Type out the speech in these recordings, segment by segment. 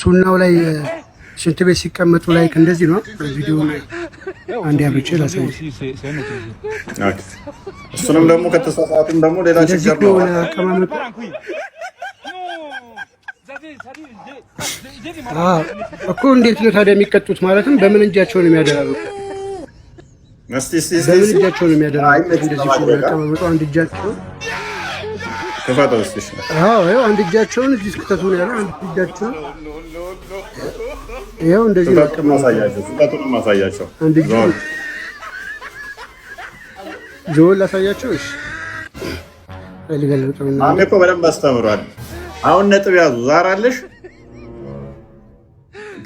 ሱናው ላይ ሽንት ቤት ሲቀመጡ ላይ እንደዚህ ነው። ቪዲዮ አንድ ያብጭ ላሳይ። እሱንም ደግሞ ከተሳሳቱም ደግሞ ሌላ ችግር ነው አቀማመጡ። እኮ እንዴት ነው ታዲያ የሚቀጡት? ማለትም በምን እጃቸው ነው የሚያደራሩት? በምን እጃቸው ነው የሚያደራሩት? እንደዚህ አቀማመጡ አንድ እጃቸው ይኸው አንድ እጃቸውን እዚህ እስክተቱ ነው ያለው። አንድ እጃቸውን ይኸው እንደዚህ ማሳያቸው፣ አንድ እጃቸውን ጆን ላሳያቸው። እሺ ልገልብጠው። አሁን እኮ በደንብ አስተምሯል። አሁን ነጥብ ያዙ። ዛር አለሽ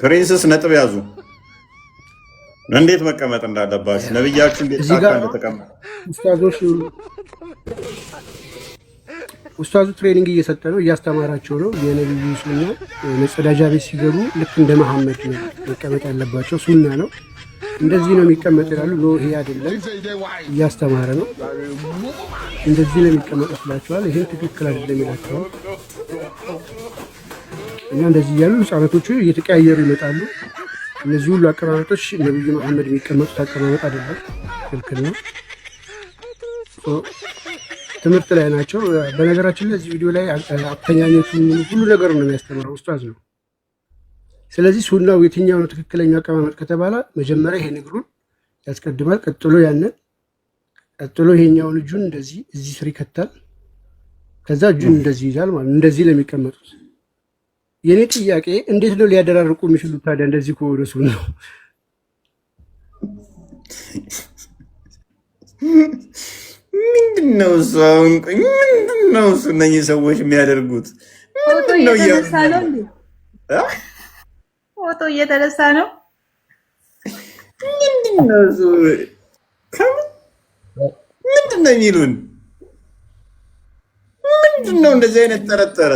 ፕሪንስስ ነጥብ ያዙ። እንዴት መቀመጥ እንዳለባችሁ ነብያችሁ እንዴት እንደተቀመጡ ውስታዙ ትሬኒንግ እየሰጠ ነው፣ እያስተማራቸው ነው። የነቢዩ ሱና መጸዳጃ ቤት ሲገቡ ልክ እንደ መሐመድ ነው መቀመጥ ያለባቸው። ሱና ነው፣ እንደዚህ ነው የሚቀመጥ ይላሉ። ሎ ይሄ አይደለም፣ እያስተማረ ነው። እንደዚህ ነው የሚቀመጥ ስላቸዋል። ይህን ትክክል አይደለም ይላቸዋል። እና እንደዚህ እያሉ ህጻናቶቹ እየተቀያየሩ ይመጣሉ። እነዚህ ሁሉ አቀማመጦች ነቢዩ መሐመድ የሚቀመጡት አቀማመጥ አይደለም፣ ክልክል ነው። ትምህርት ላይ ናቸው። በነገራችን ላይ እዚህ ቪዲዮ ላይ አተኛኘቱ ሁሉ ነገር ነው የሚያስተምረው ኡስታዝ ነው። ስለዚህ ሱናው የትኛው ነው ትክክለኛው አቀማመጥ ከተባለ መጀመሪያ ይሄ እግሩን ያስቀድማል። ቀጥሎ ያንን፣ ቀጥሎ ይሄኛውን እጁን እንደዚህ እዚህ ስር ይከታል። ከዛ እጁን እንደዚህ ይዛል ማለት እንደዚህ ነው የሚቀመጡት። የእኔ ጥያቄ እንዴት ነው ሊያደራርቁ የሚችሉት ታዲያ? እንደዚህ ከሆነ ሱናው ነው ምንድን ነው እሱ? አሁን ምንድን ነው እሱ? እነኚህ ሰዎች የሚያደርጉት ምንድን ነው? ፎቶ እየተነሳ ነው። ምንድን ነው እሱ? ምንድን ነው የሚሉን? ምንድን ነው እንደዚህ አይነት ጠረጠረ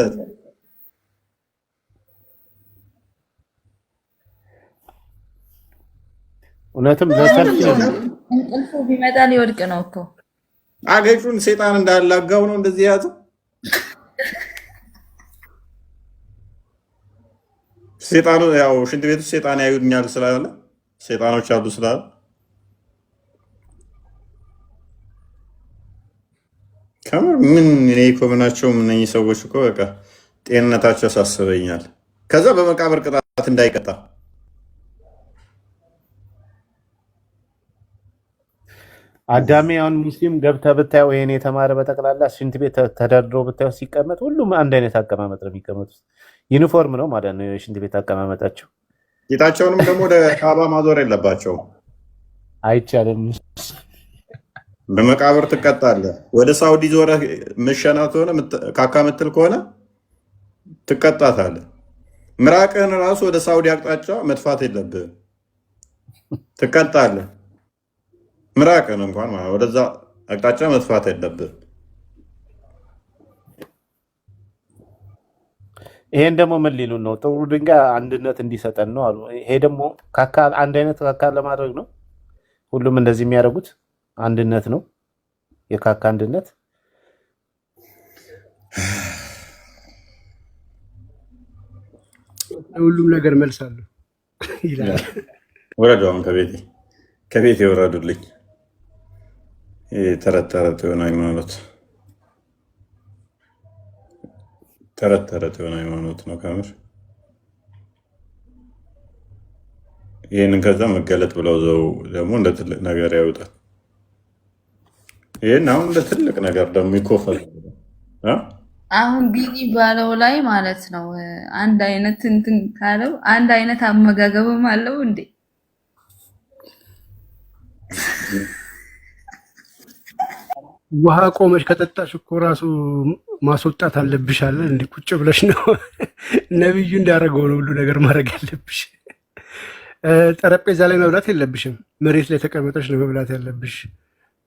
እውነትም ለሰልፍ እንቅልፉ ቢመጣ ሊወድቅ ነው እኮ አገጩን ሴጣን እንዳላጋው ነው እንደዚህ ያዘው። ሴጣኑ ያው ሽንት ቤት ሴጣን ያዩኛል ስላለ ሴጣኖች አሉ ስላለ ከምር ምን እኔ እኮ ምናቸውም እነኚህ ሰዎች እኮ በቃ ጤንነታቸው ያሳስበኛል። ከዛ በመቃብር ቅጣት እንዳይቀጣ አዳሜ አሁን ሙስሊም ገብተህ ብታየው ይሄን የተማረ በጠቅላላ ሽንት ቤት ተደርድሮ ብታየው ሲቀመጥ ሁሉም አንድ አይነት አቀማመጥ ነው የሚቀመጡት። ዩኒፎርም ነው ማለት ነው የሽንት ቤት አቀማመጣቸው። ጌታቸውንም ደግሞ ወደ ካባ ማዞር የለባቸው አይቻልም። በመቃብር ትቀጣለህ። ወደ ሳውዲ ዞረ ምሸና ሆነ ካካ ምትል ከሆነ ትቀጣታለህ። ምራቅህን ራሱ ወደ ሳውዲ አቅጣጫ መጥፋት የለብህ፣ ትቀጣለህ። ምራቅን እንኳን ማለት ወደዛ አቅጣጫ መጥፋት የለብን። ይሄን ደግሞ ምን ሊሉ ነው? ጥሩ ድንጋይ አንድነት እንዲሰጠን ነው አሉ። ይሄ ደግሞ ከአካል አንድ አይነት ከአካል ለማድረግ ነው። ሁሉም እንደዚህ የሚያደርጉት አንድነት ነው። የካካ አንድነት ሁሉም ነገር መልሳለሁ ይላል። አሁን ከቤቴ ከቤቴ ወረዱልኝ ተረት ተረት የሆነ ሃይማኖት ተረት ተረት የሆነ ሃይማኖት ነው ከምር። ይህንን ከዛ መገለጥ ብለው ዘው ደግሞ እንደ ትልቅ ነገር ያውጣል። ይህን አሁን እንደ ትልቅ ነገር ደግሞ ይኮፈል። አሁን ቢኒ ባለው ላይ ማለት ነው አንድ አይነት እንትን ካለው አንድ አይነት አመጋገብም አለው እንዴ ውሃ ቆመች ከጠጣሽ እኮ ራሱ ማስወጣት አለብሽ አለ። እንደ ቁጭ ብለሽ ነው ነቢዩ እንዳደረገው ነው ሁሉ ነገር ማድረግ ያለብሽ። ጠረጴዛ ላይ መብላት የለብሽም፣ መሬት ላይ ተቀመጠች ነው መብላት ያለብሽ።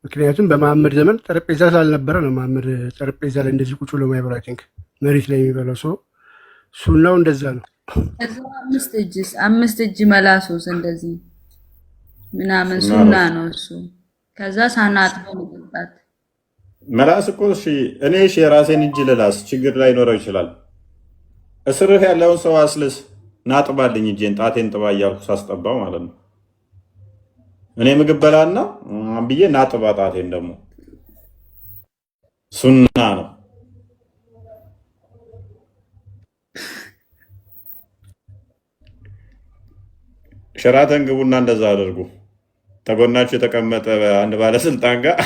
ምክንያቱም በመሐመድ ዘመን ጠረጴዛ ስላልነበረ ነው መሐመድ ጠረጴዛ ላይ እንደዚህ ቁጭ ለማይበላ ቲንክ መሬት ላይ የሚበላው ሰው ሱናው እንደዛ ነው። አምስት እጅ አምስት እጅ መላሶስ እንደዚህ ምናምን ሱና ነው እሱ። ከዛ ሳናጥበው መጠጣት መላስ እኮ እኔ የራሴን እጅ ልላስ ችግር ላይ ኖረው ይችላል። እስርህ ያለውን ሰው አስልስ ናጥባልኝ እጄን ጣቴን ጥባ እያልኩ ሳስጠባው ማለት ነው። እኔ ምግብ በላና ብዬ ናጥባ ጣቴን ደግሞ ሱና ነው። ሸራተን ግቡና እንደዛ አድርጉ። ተጎናችሁ የተቀመጠ አንድ ባለስልጣን ጋር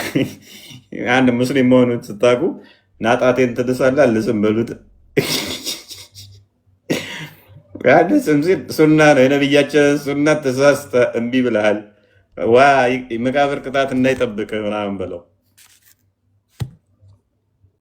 አንድ ሙስሊም መሆኑን ስታቁ ናጣቴን ትልሳላ ልስም በሉት። አንድ ስም ሲል ሱና ነው የነብያችን ሱና ተሳስተ እምቢ ብለሃል ዋ መቃብር ቅጣት እንዳይጠብቅ ምናምን በለው